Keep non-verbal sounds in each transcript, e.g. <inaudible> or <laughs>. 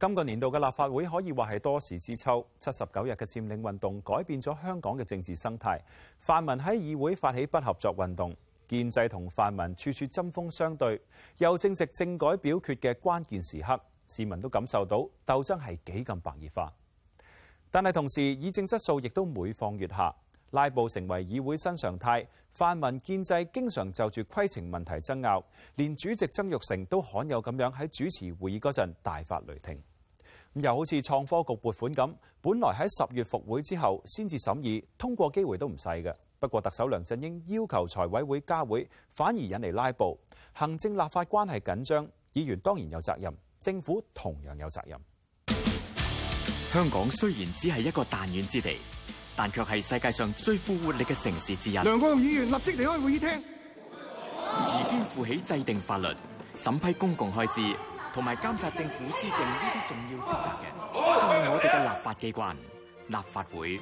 今個年度嘅立法會可以話係多事之秋，七十九日嘅佔領運動改變咗香港嘅政治生態，泛民喺議會發起不合作運動，建制同泛民處處針鋒相對，又正值政改表決嘅關鍵時刻，市民都感受到鬥爭係幾咁白熱化。但係同時，議政質素亦都每況愈下，拉布成為議會新常態。泛民建制經常就住規程問題爭拗，連主席曾鈺成都罕有咁樣喺主持會議嗰陣大發雷霆。又好似創科局撥款咁，本來喺十月復會之後先至審議通過機會都唔細嘅。不過特首梁振英要求財委會加會，反而引嚟拉布，行政立法關係緊張，議員當然有責任，政府同樣有責任。香港雖然只係一個彈丸之地。但卻係世界上最富活力嘅城市之一。梁國雄議員立即離開會議廳，而肩負起制定法律、審批公共開支同埋監察政府施政呢啲重要職責嘅，就係我哋嘅立法機關立法會。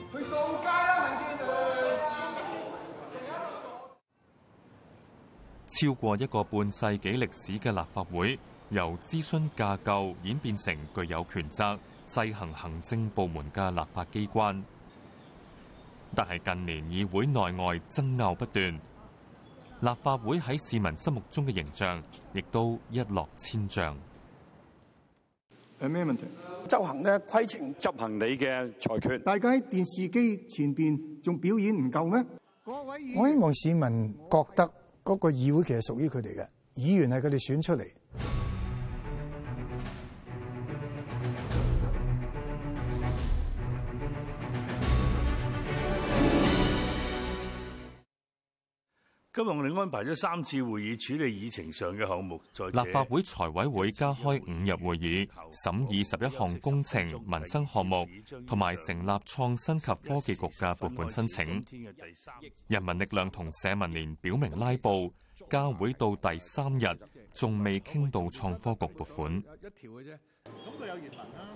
超過一個半世紀歷史嘅立法會，由諮詢架構演變成具有權責、制衡行，行政部門嘅立法機關。但係近年議會內外爭拗不斷，立法會喺市民心目中嘅形象亦都一落千丈。係咩問題？執行呢規程，執行你嘅裁決。大家喺電視機前邊仲表演唔夠咩？位我希望市民覺得嗰個議會其實屬於佢哋嘅，議員係佢哋選出嚟。今日我哋安排咗三次會議處理議程上嘅項目，立法會財委會加開五日會議審議十一項工程民生項目，同埋成立創新及科技局嘅撥款申請。人民力量同社民連表明拉布，加會到第三日，仲未傾到創科局撥款。一條嘅啫，咁佢有熱門啦。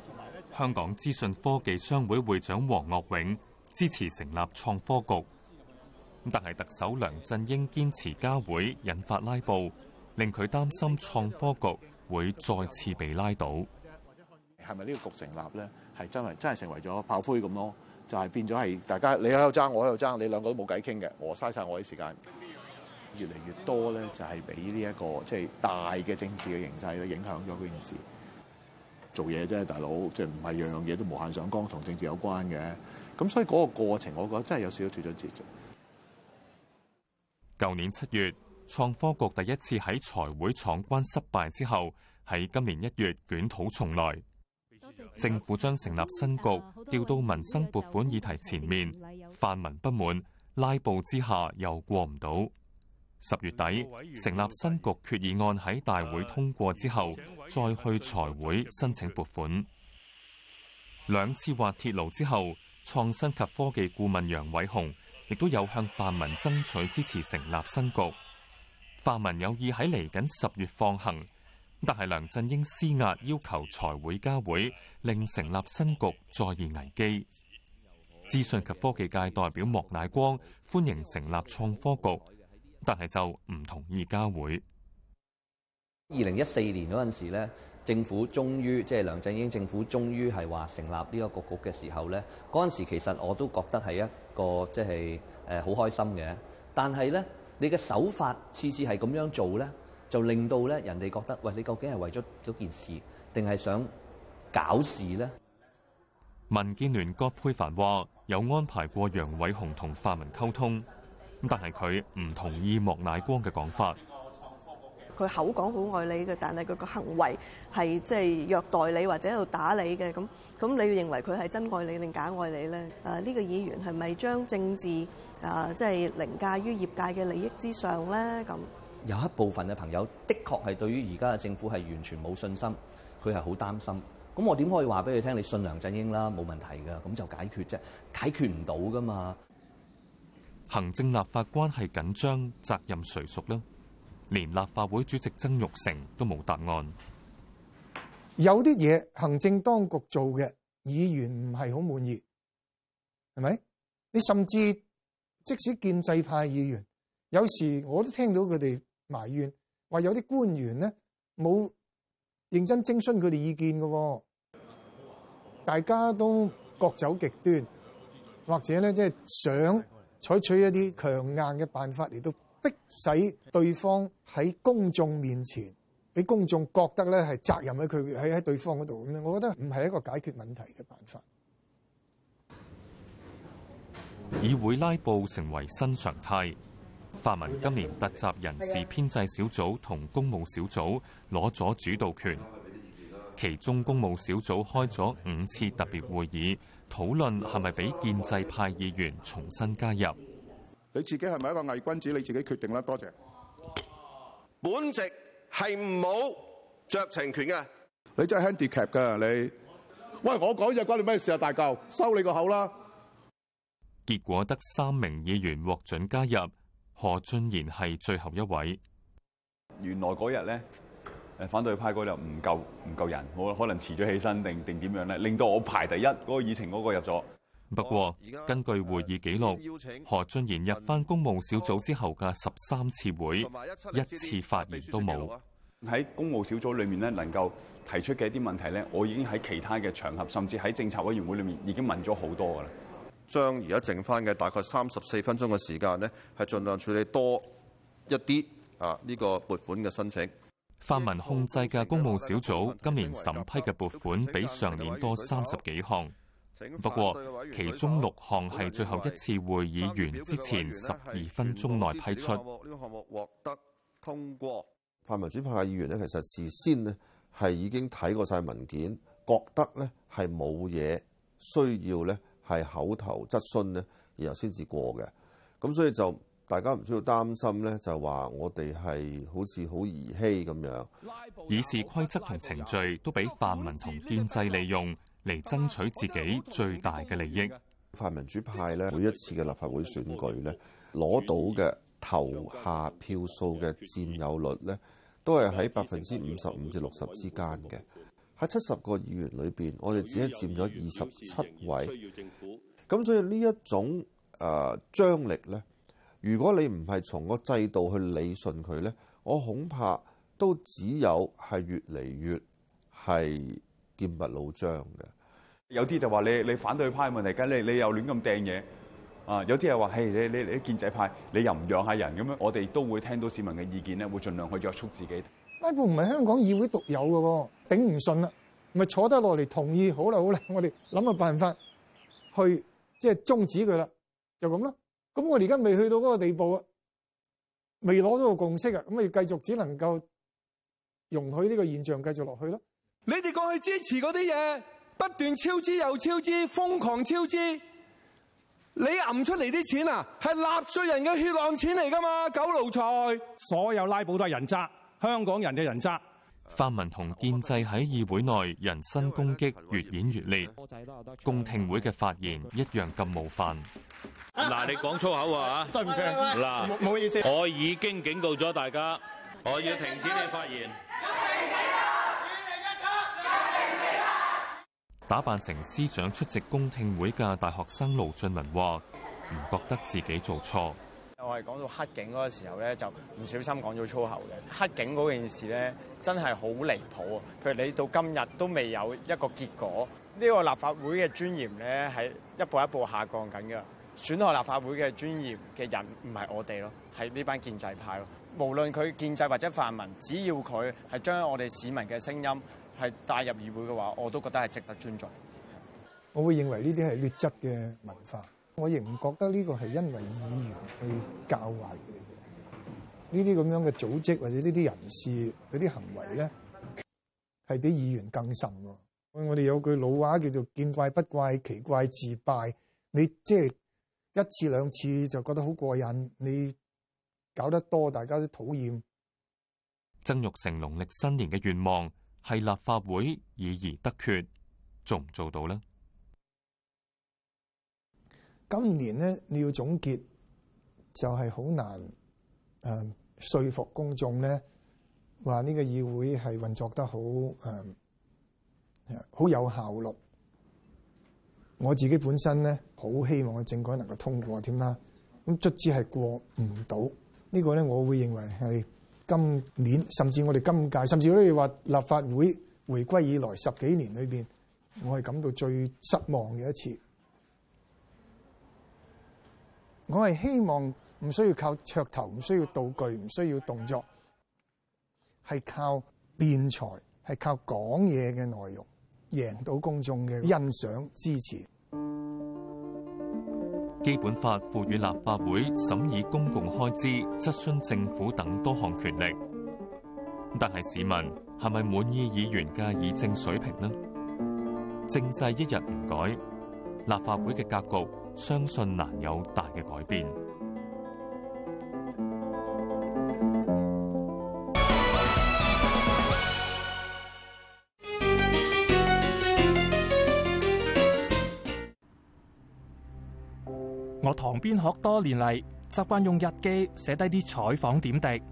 香港資訊科技商會會長黃岳永支持成立創科局。但係特首梁振英堅持加會，引發拉布，令佢擔心創科局會再次被拉倒。係咪呢個局成立咧？係真係真係成為咗炮灰咁咯？就係、是、變咗係大家你喺度爭，我喺度爭，你兩個都冇計傾嘅，我嘥晒我啲時間。越嚟越多咧、這個，就係俾呢一個即係大嘅政治嘅形勢咧，影響咗嗰件事做嘢。真係大佬，即係唔係樣樣嘢都無限上綱，同政治有關嘅。咁所以嗰個過程，我覺得真係有少少脱咗節。舊年七月，創科局第一次喺財會闖關失敗之後，喺今年一月捲土重來。政府將成立新局調到民生撥款議題前面，泛民不滿拉布之下又過唔到。十月底成立新局決議案喺大會通過之後，再去財會申請撥款。兩次滑鐵盧之後，創新及科技顧問楊偉雄，亦都有向泛民爭取支持成立新局，泛民有意喺嚟緊十月放行，但係梁振英施壓要求財會加會，令成立新局再現危機。資訊及科技界代表莫乃光歡迎成立創科局，但係就唔同意加會。二零一四年嗰陣時咧。政府終於，即係梁振英政府終於係話成立呢個局局嘅時候呢，嗰陣時其實我都覺得係一個即係，誒好開心嘅。但係呢，你嘅手法次次係咁樣做呢，就令到呢人哋覺得喂，你究竟係為咗嗰件事，定係想搞事呢？」民建聯葛珮帆話有安排過楊偉雄同泛民溝通，但係佢唔同意莫乃光嘅講法。佢口講好愛你嘅，但係佢個行為係即係虐待你或者喺度打你嘅，咁咁你要認為佢係真愛你定假愛你咧？誒呢個議員係咪將政治誒即係凌駕於業界嘅利益之上咧？咁有一部分嘅朋友，的確係對於而家嘅政府係完全冇信心，佢係好擔心。咁我點可以話俾你聽？你信梁振英啦，冇問題㗎，咁就解決啫，解決唔到㗎嘛。行政立法關係緊張，責任誰屬呢？連立法會主席曾鈺成都冇答案。有啲嘢，行政當局做嘅，議員唔係好滿意，係咪？你甚至即使建制派議員，有時我都聽到佢哋埋怨，話有啲官員咧冇認真徵詢佢哋意見噶。大家都各走極端，或者咧即係想採取一啲強硬嘅辦法，嚟都。迫使對方喺公眾面前，俾公眾覺得咧係責任喺佢喺喺對方嗰度。我覺得唔係一個解決問題嘅辦法。議會拉布成為新常態，泛民今年突襲人事編制小組同工務小組攞咗主導權，其中工務小組開咗五次特別會議，討論係咪俾建制派議員重新加入。你自己係咪一個偽君子？你自己決定啦。多謝。本席係冇酌情權嘅。你真係 handicap 㗎你。喂，我講嘢關你咩事啊？大嚿，收你個口啦。結果得三名議員獲准加入，何俊賢係最後一位。原來嗰日咧，誒反對派嗰日唔夠唔夠人，我可能遲咗起身定定點樣咧，令到我排第一嗰個議程嗰個入咗。不過，根據會議記錄，何俊賢入翻工務小組之後嘅十三次會，一次發言都冇。喺工務小組裏面咧，能夠提出嘅一啲問題咧，我已經喺其他嘅場合，甚至喺政策委員會裏面已經問咗好多噶啦。將而家剩翻嘅大概三十四分鐘嘅時間咧，係盡量處理多一啲啊呢個撥款嘅申請。泛民控制嘅工務小組今年審批嘅撥款比上年多三十幾項。不過，其中六項係最後一次會議完之前十二分鐘內批出。呢個項目獲得通過。泛民主派議員呢，其實事先呢係已經睇過晒文件，覺得呢係冇嘢，需要呢係口頭質詢呢，然後先至過嘅。咁所以就大家唔需要擔心呢，就話我哋係好似好兒戲咁樣。以示規則同程序都俾泛民同建制利用，嚟爭取自己最大嘅利益。泛民主派咧，每一次嘅立法會選舉咧，攞到嘅投下票數嘅佔有率咧，都係喺百分之五十五至六十之間嘅。喺七十個議員裏邊，我哋只係佔咗二十七位。咁所以呢一種誒張力咧，如果你唔係從個制度去理順佢咧，我恐怕都只有係越嚟越係。劍拔弩張嘅，的有啲就話，你你反對派問題咁你你又亂咁掟嘢啊！有啲又話，嘿，你你你建制派，你又唔讓下人咁樣。我哋都會聽到市民嘅意見咧，會盡量去約束自己。拉布唔係香港議會獨有嘅，頂唔順啦，咪坐得落嚟，同意好啦，好啦，我哋諗個辦法去即係終止佢啦，就咁、是、咯。咁我哋而家未去到嗰個地步啊，未攞到個共識啊，咁我哋繼續只能夠容許呢個現象繼續落去咯。你哋過去支持嗰啲嘢，不斷超支又超支，瘋狂超支。你揞出嚟啲錢啊，係納稅人嘅血汗錢嚟噶嘛？狗奴才，所有拉布都係人渣，香港人嘅人渣。泛民同建制喺議會內人身攻擊越演越烈，公聽會嘅發言一樣咁冒犯。嗱、啊，你講粗口啊吓？對唔住。嗱，冇、啊、意思。我已經警告咗大家，我要停止你嘅發言。啊啊啊打扮成司長出席公聽會嘅大學生盧俊文話：唔覺得自己做錯。我係講到黑警嗰個時候咧，就唔小心講咗粗口嘅黑警嗰件事咧，真係好離譜啊！譬如你到今日都未有一個結果，呢個立法會嘅尊嚴咧係一步一步下降緊嘅。損害立法會嘅尊嚴嘅人唔係我哋咯，係呢班建制派咯。無論佢建制或者泛民，只要佢係將我哋市民嘅聲音。係帶入議會嘅話，我都覺得係值得尊重。我會認為呢啲係劣質嘅文化，我亦唔覺得呢個係因為議員去教壞佢哋嘅。呢啲咁樣嘅組織或者呢啲人士嗰啲行為咧，係比議員更甚喎。我哋有句老話叫做見怪不怪，奇怪自敗。你即係一次兩次就覺得好過癮，你搞得多大家都討厭。曾鈺成農曆新年嘅願望。係立法會以而得決，做唔做到咧？今年咧，你要總結就係、是、好難，誒、呃，說服公眾咧，話呢個議會係運作得好，誒、呃，好有效率。我自己本身咧，好希望嘅政改能夠通過添啦。咁卒之係過唔到，這個、呢個咧我會認為係。今年甚至我哋今屆甚至可以話，立法會回歸以來十幾年裏邊，我係感到最失望嘅一次。我係希望唔需要靠噱頭，唔需要道具，唔需要動作，係靠辯才，係靠講嘢嘅內容贏到公眾嘅欣賞支持。基本法賦予立法會審議公共開支、質詢政府等多項權力，但係市民係咪滿意議員嘅議政水平呢？政制一日唔改，立法會嘅格局相信難有大嘅改變。堂邊鶴多年嚟，習慣用日記寫低啲採訪點滴。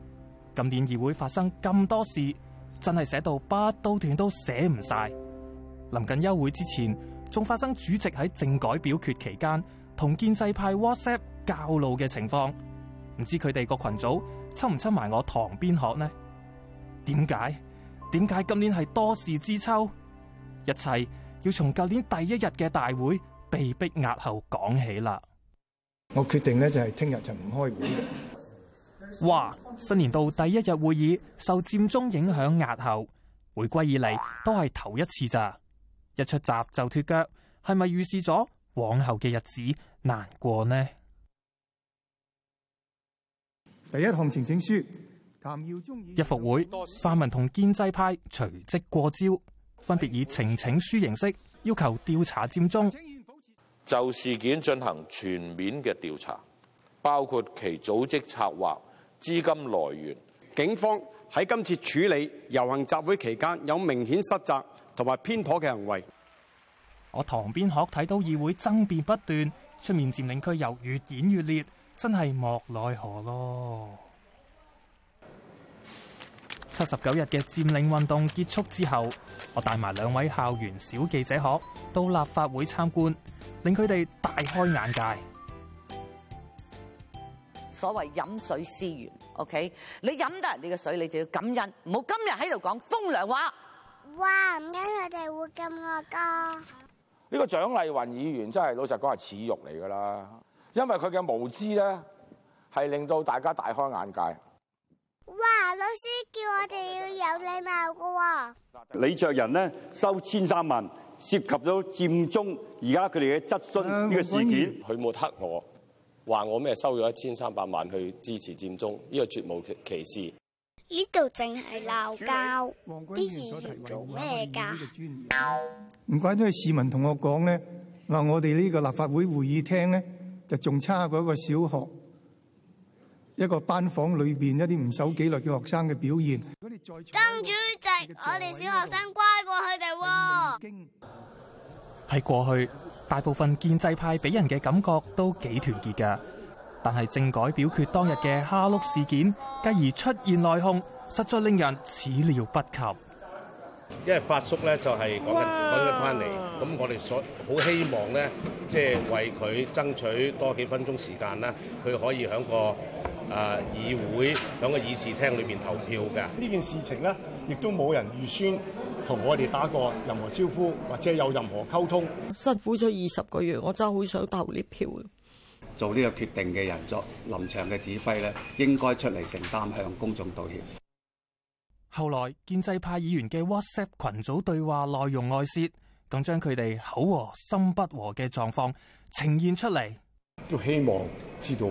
今年議會發生咁多事，真係寫到筆都斷都寫唔晒。臨近休會之前，仲發生主席喺政改表決期間同建制派 WhatsApp 交流嘅情況。唔知佢哋個群組侵唔侵埋我？堂邊鶴呢？點解？點解今年係多事之秋？一切要從舊年第一日嘅大會被逼押後講起啦。我決定咧，就係聽日就唔開會。哇！新年度第一日會議受佔中影響壓後，回歸以嚟都係頭一次咋？一出閘就脫腳，係咪預示咗往後嘅日子難過呢？第一項呈請、請書，一復會，泛民同建制派隨即過招，分別以呈請書形式要求調查佔中。就事件進行全面嘅調查，包括其組織策劃、資金來源。警方喺今次處理遊行集會期間有明顯失責同埋偏頗嘅行為。我堂邊鶴，看睇到議會爭辯不斷，出面佔領區又越演越烈，真係莫奈何咯。七十九日嘅佔領運動結束之後，我帶埋兩位校園小記者學到立法會參觀，令佢哋大開眼界。所謂飲水思源，OK，你飲得人哋嘅水，你就要感恩，唔好今日喺度講風涼話。哇！唔驚佢哋會咁惡噶？呢個蔣麗雲議員真係老實講係恥辱嚟噶啦，因為佢嘅無知咧，係令到大家大開眼界。老師叫我哋要有禮貌噶喎。李卓人咧收千三萬，涉及咗佔中，而家佢哋嘅質詢呢個事件，佢抹黑我，話我咩收咗一千三百萬去支持佔中，呢個絕無其事。呢度淨係鬧交，啲議員做咩噶？唔怪得市民同我講咧，話我哋呢個立法會會議廳咧就仲差過一個小學。一個班房裏邊一啲唔守紀律嘅學生嘅表現。曾主席，我哋小學生乖過佢哋喎。喺過去大部分建制派俾人嘅感覺都幾團結㗎，但係政改表決當日嘅蝦碌事件，繼而出現內訌，實在令人始料不及。因為發叔咧就係講緊揾佢翻嚟，咁哇我哋所好希望咧，即係為佢爭取多幾分鐘時間啦，佢可以喺個。啊！議會喺個議事廳裏面投票㗎。呢件事情呢，亦都冇人預先同我哋打過任何招呼，或者有任何溝通。辛苦咗二十個月，我真係好想投呢票。做呢個決定嘅人作臨場嘅指揮呢，應該出嚟承擔向公眾道歉。後來建制派議員嘅 WhatsApp 群組對話內容外泄，咁將佢哋口和心不和嘅狀況呈現出嚟。都希望知道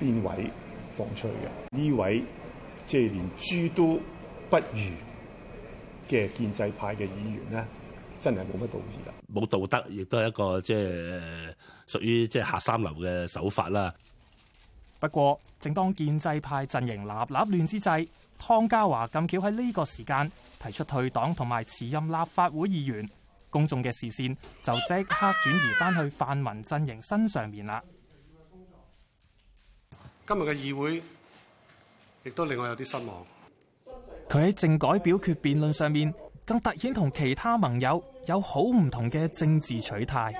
邊位。放出嘅呢位，即係連豬都不如嘅建制派嘅議員呢，真係冇乜道義噶，冇道德，亦都係一個即係屬於即係下三流嘅手法啦。不過，正當建制派陣營立立亂之際，湯家驊咁巧喺呢個時間提出退黨同埋辭任立法會議員，公眾嘅視線就即刻轉移翻去泛民陣營身上面啦。今日嘅議會亦都令我有啲失望。佢喺政改表決辯論上面，更突顯同其他盟友有好唔同嘅政治取態。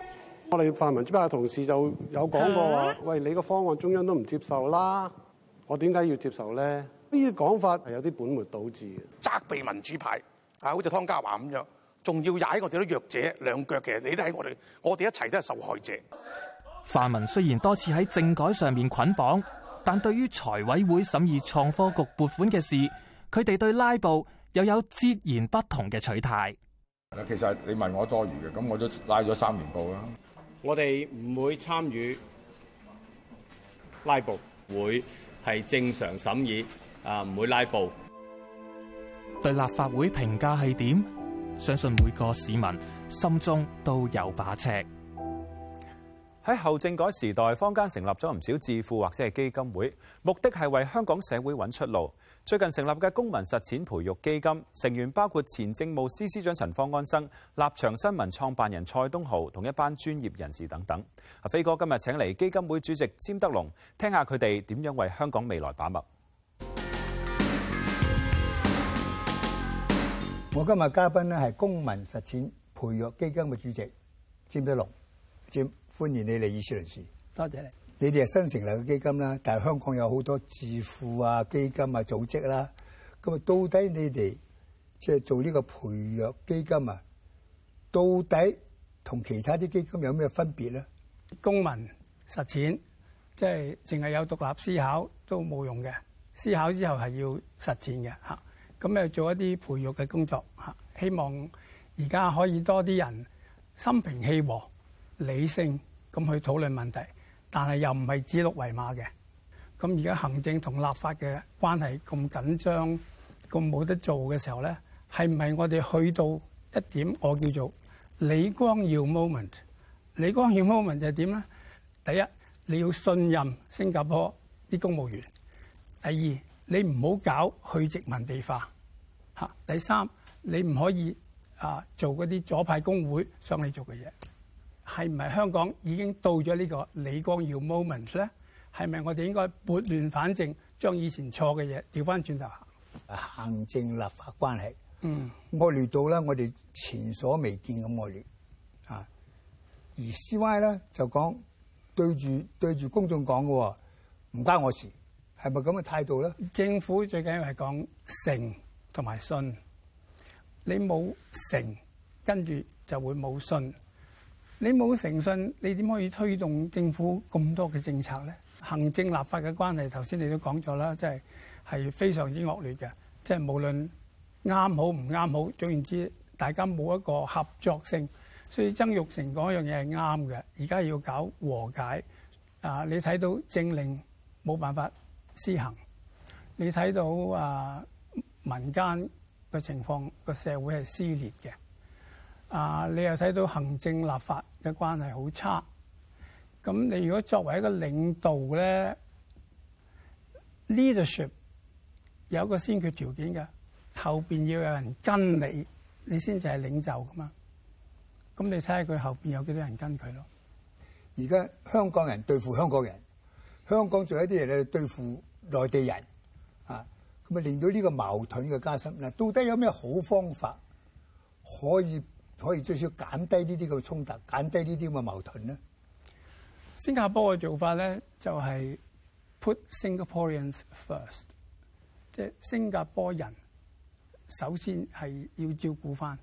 我哋泛民主派嘅同事就有講過話：「喂，你個方案中央都唔接受啦，我點解要接受咧？呢啲講法係有啲本末倒置嘅。責備民主派啊，好似湯家驊咁樣，仲要踩我哋啲弱者兩腳嘅，你都喺我哋，我哋一齊都係受害者。泛民雖然多次喺政改上面捆綁。但對於財委會審議創科局撥款嘅事，佢哋對拉布又有截然不同嘅取態。其實你問我多餘嘅，咁我都拉咗三年布啦。我哋唔會參與拉布，會係正常審議啊，唔會拉布。對立法會評價係點？相信每個市民心中都有把尺。喺後政改時代，坊間成立咗唔少智庫，或者係基金會，目的係為香港社會揾出路。最近成立嘅公民實踐培育基金，成員包括前政務司司長陳方安生、立場新聞創辦人蔡東豪同一班專業人士等等。阿飛哥今日請嚟基金會主席詹德隆，聽下佢哋點樣為香港未來把脈。我今日嘉賓呢係公民實踐培育基金嘅主席詹德隆，詹。歡迎你嚟議事論事，多謝你。你哋係新成立嘅基金啦，但係香港有好多智庫啊基金啊組織啦。咁啊，到底你哋即係做呢個培育基金啊？到底同其他啲基金有咩分別咧？公民實踐，即係淨係有獨立思考都冇用嘅，思考之後係要實踐嘅嚇。咁啊，又做一啲培育嘅工作嚇，啊，希望而家可以多啲人心平氣和、理性。咁去討論問題，但係又唔係指鹿為馬嘅。咁而家行政同立法嘅關係咁緊張，咁冇得做嘅時候咧，係唔係我哋去到一點，我叫做李光耀 moment？李光耀 moment 就係點咧？第一，你要信任新加坡啲公務員；第二，你唔好搞去殖民地化；嚇，第三，你唔可以啊做嗰啲左派工會想你做嘅嘢。係唔係香港已經到咗呢個李光耀 moment 咧？係咪我哋應該撥亂反正，將以前錯嘅嘢調翻轉頭行行政立法關係？嗯，惡劣到咧，我哋前所未見咁惡劣啊！而 CY 咧就講對住對住公眾講嘅喎，唔關我事，係咪咁嘅態度咧？政府最緊要係講誠同埋信，你冇誠，跟住就會冇信。你冇誠信，你點可以推動政府咁多嘅政策咧？行政立法嘅關係，頭先你都講咗啦，即係係非常之惡劣嘅。即係無論啱好唔啱好，總言之，大家冇一個合作性。所以曾鈺成講一樣嘢係啱嘅，而家要搞和解。啊，你睇到政令冇辦法施行，你睇到啊民間嘅情況，個社會係撕裂嘅。啊！你又睇到行政立法嘅關係好差，咁你如果作為一個領導咧，leadership 有個先決條件㗎，後邊要有人跟你，你先至係領袖㗎嘛。咁你睇下佢後邊有幾多人跟佢咯？而家香港人對付香港人，香港仲有一啲嘢咧對付內地人啊，咁咪令到呢個矛盾嘅加深咧、啊。到底有咩好方法可以？可以最少減低呢啲嘅衝突，減低呢啲嘅矛盾咧。新加坡嘅做法咧就係 put Singaporeans first，即係新加坡人首先係要照顧返。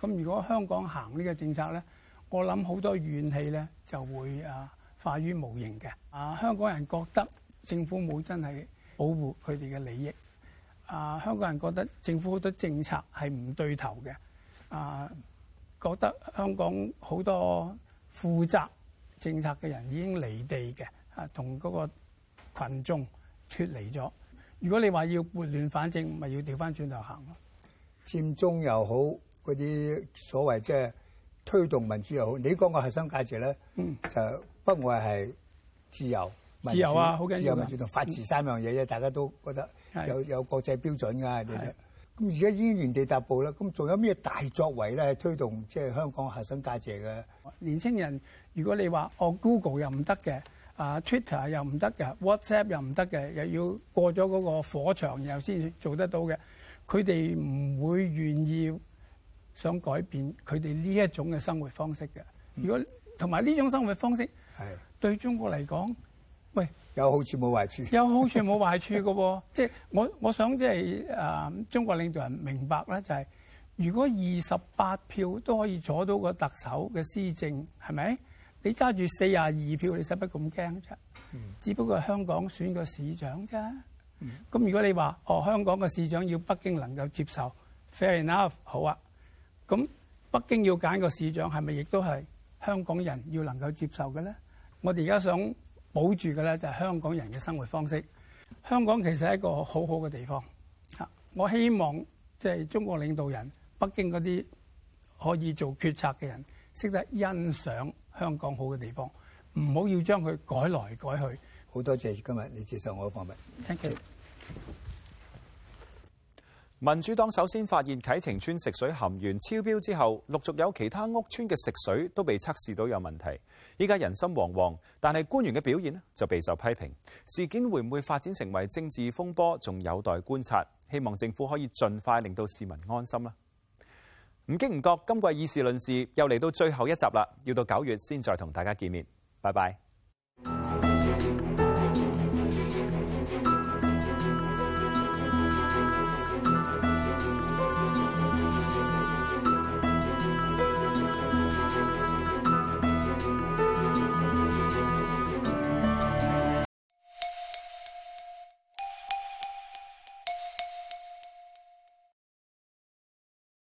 咁如果香港行呢個政策咧，我諗好多怨氣咧就會啊化於無形嘅。啊，香港人覺得政府冇真係保護佢哋嘅利益。啊，香港人覺得政府好多政策係唔對頭嘅。啊，覺得香港好多負責政策嘅人已經離地嘅，啊，同嗰個群眾脱離咗。如果你話要撥亂反正，咪要調翻轉頭行咯。佔中又好，嗰啲所謂即係推動民主又好，你講個核心價值咧，嗯，就不外係自由、自由啊，好緊要、自由民主同法治三樣嘢，嘅大家都覺得有、嗯、有國際標準㗎、啊，咁而家已經原地踏步啦，咁仲有咩大作為咧？推動即係香港核心價值嘅年輕人，如果你話哦 Google 又唔得嘅，啊、uh, Twitter 又唔得嘅，WhatsApp 又唔得嘅，又要過咗嗰個火牆，又先至做得到嘅，佢哋唔會願意想改變佢哋呢一種嘅生活方式嘅。如果同埋呢種生活方式，係的對中國嚟講。喂有好處冇壞處，有好處冇壞處嘅喎。 <laughs> 即係我我想即係、呃、中國領導人明白咧，就係、是、如果二十八票都可以阻到個特首嘅施政係咪？你揸住四十二票，你使乜咁驚啫？只不過香港選個市長啫。咁、嗯、如果你話哦，香港嘅市長要北京能夠接受，fair enough，好啊。咁北京要揀個市長，係咪亦都係香港人要能夠接受嘅咧？我哋而家想。保住嘅咧就係香港人嘅生活方式。香港其實係一個好好嘅地方。啊，我希望即係中國領導人、北京嗰啲可以做決策嘅人，識得欣賞香港好嘅地方，唔好要將佢改來改去。好多謝今日你接受我嘅訪問。Thank you. 民主黨首先發現啟晴邨食水含鉛超標之後，陸續有其他屋邨嘅食水都被測試到有問題。依家人心惶惶，但係官員嘅表現呢就備受批評。事件會唔會發展成為政治風波，仲有待觀察。希望政府可以盡快令到市民安心啦。唔經唔覺，今季議事論事又嚟到最後一集啦，要到九月先再同大家見面。拜拜。